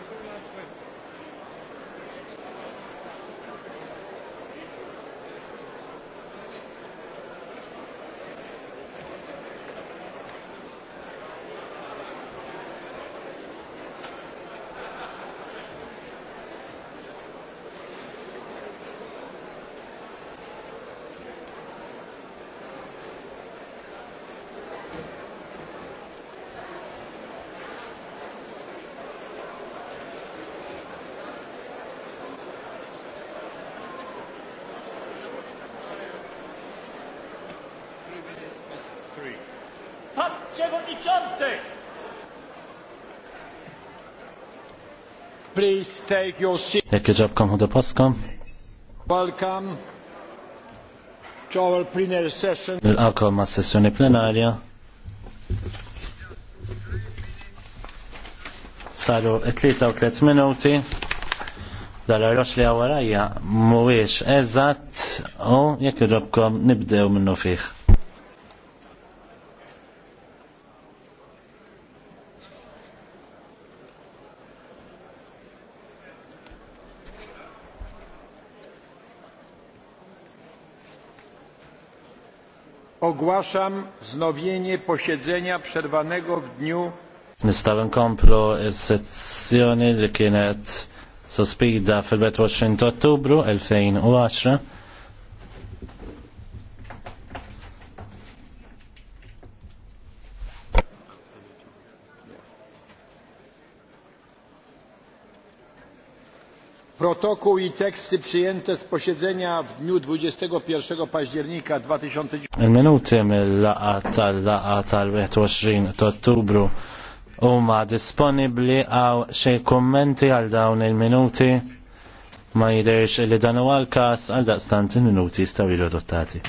Thank you. Przewodniczący! Please take your seat. Jakie ġabkom do Polską? Welcome to our plenary session. Il-għakom ma' sessjoni plenarja. Saru 33 minuti. Dalla arroċ li għawarajja muwiex eżatt u jekk ġabkom nibdew minnu fiħ. Ogłaszam wznowienie posiedzenia przerwanego w dniu Nistaw nkomplu sezzjoni li kienet sospida fil 28 ottubru 2010 Protokół i teksty przyjęte z posiedzenia w dniu 21 października 2010. Il-minuti mill-laqa tal-laqa tal-21 huma disponibbli għaw xej għal dawn il-minuti ma jidherx li dan huwa l-każ għal daqstant il-minuti jistgħu jiġu adottati.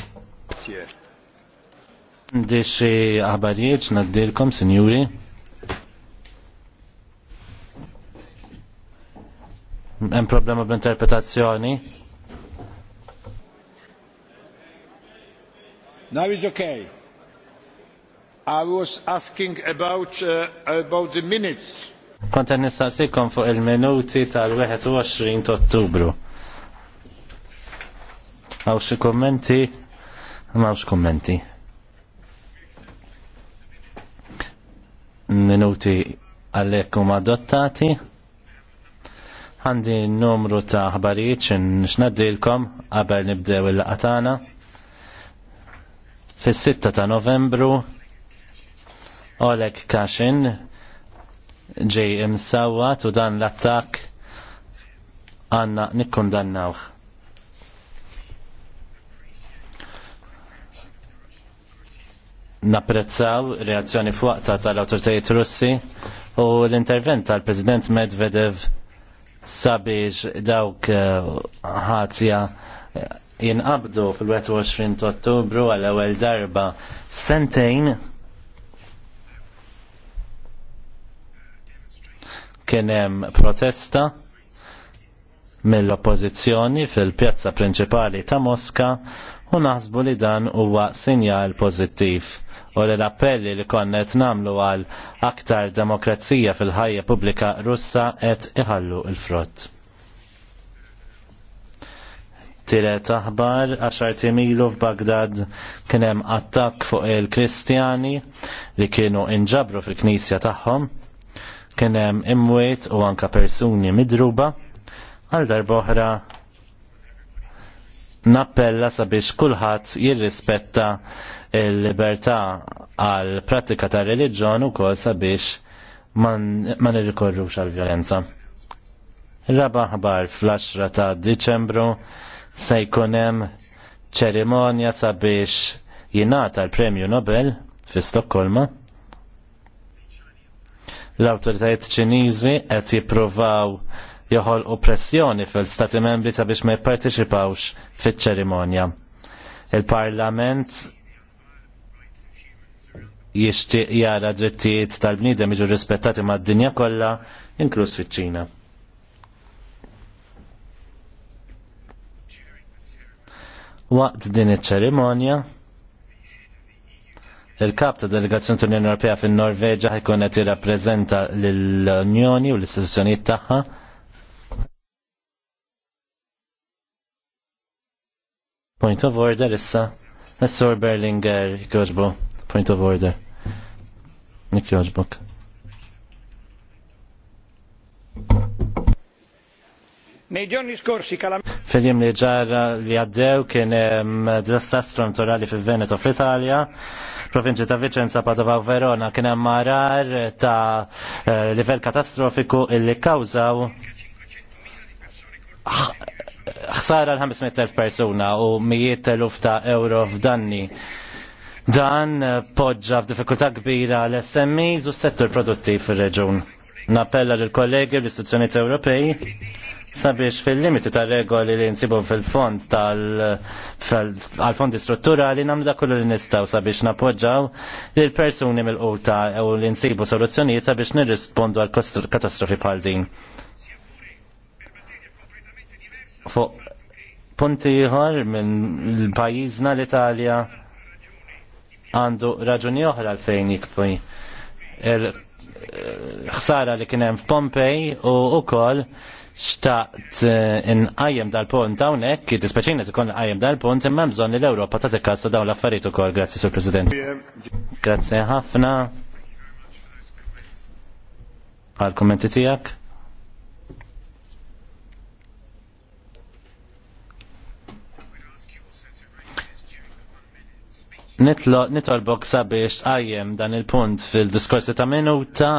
Għandi xi aħbarijiet ngħaddilkom, sinjuri. Hemm problema b'interpretazzjoni. Now is okay. I was asking about, uh, about the minutes. Konta nistaqsikom fuq il-minuti tal-21 ta' Ottubru. Għaw xi kommenti? Mawx kommenti. Minuti għalhekk huma adottati. Għandi numru ta' ħbarijiet xin xnaddilkom qabel nibdew il-laqatana. Fis-6 ta' Novembru Oleg Kashin ġej imsawat u dan l-attak għanna nikkundannawh. napprezzaw reazzjoni fuqta tal-autoritajiet russi u l-intervent tal-President Medvedev sabiex dawk eh, ħatja eh, jinqabdu fil-21 ta' ottubru għal ewwel darba f'sentejn kien hemm protesta mill-oppożizzjoni fil-pjazza prinċipali ta' Mosca u naħsbu li dan huwa sinjal pożittiv u li l-appelli li konnet namlu għal aktar demokrazija fil-ħajja pubblika russa qed iħallu il-frott. Tiret aħbar għaxar ilu f'Bagdad kien hemm attakk fuq il-Kristjani li kienu inġabru fil-Knisja tagħhom, kien hemm imwiet u anka persuni midruba għal darboħra nappella sabiex kulħadd jirrispetta l-libertà għal pratika ta' reliġjon ukoll sabiex ma nirrikorrux għal violenza. Raba ħbar fl-10 ta' Diċembru se jkun hemm ċerimonja sabiex jingħata l-Premju Nobel fi Stokkolma. L-awtoritajiet Ċiniżi qed jippruvaw joħol oppressjoni fil-stati membri sabiex ma jipparteċipawx fiċ ċerimonja Il-parlament jixtieq jara drittijiet tal bnidem jiġu rispettati mad-dinja kollha, inkluż fiċ-Ċina. Waqt din iċ-ċerimonja, il-kap ta' delegazzjoni tal-Unjoni Ewropea fin norveġġja ħajkun qed jirrappreżenta lill-Unjoni u l-istituzzjonijiet tagħha Point of order issa. Assor Berlinger, jikjoġbu. Point of order. Nik Nei giorni scorsi calam... fil li ġara li għaddew kien ehm, disastru naturali fil-Veneto fl-Italja provinċi ta' Vicenza, Padova u Verona kien hemm marar ta' eh, livell katastrofiku illi kkawżaw ħsara l-500.000 persuna u mijiet eluf ta' euro f'danni. Dan poġġa f'diffikultà kbira l-SMEs u s-settur produttiv fir-reġun. Napella l-kollegi l-istituzzjonijiet Ewropej sabiex fil-limiti ta' regoli li nsibu fil-fond tal-fondi strutturali namlu da kullu li nistaw sabiex napoġġaw li l-persuni mill-quta u li nsibu soluzzjonijiet sabiex nirrispondu għal katastrofi bħal din fuq punti ieħor minn pajjiżna l-Italja għandu raġuni oħra fejn il er, eh, ħsara li kienem f'Pompej u wkoll xtaqt eh, qajjem dal-punt hawnhekk kif tispeċina tkun qajjem dal-punt imma bżonn li l-Ewropa ta' tikkassa dawn l-affarijiet ukoll grazzi sur President. Grazzi ħafna għal kummenti tiegħek. nitolbok sabiex qajjem dan il-punt fil-diskorsi ta' minuta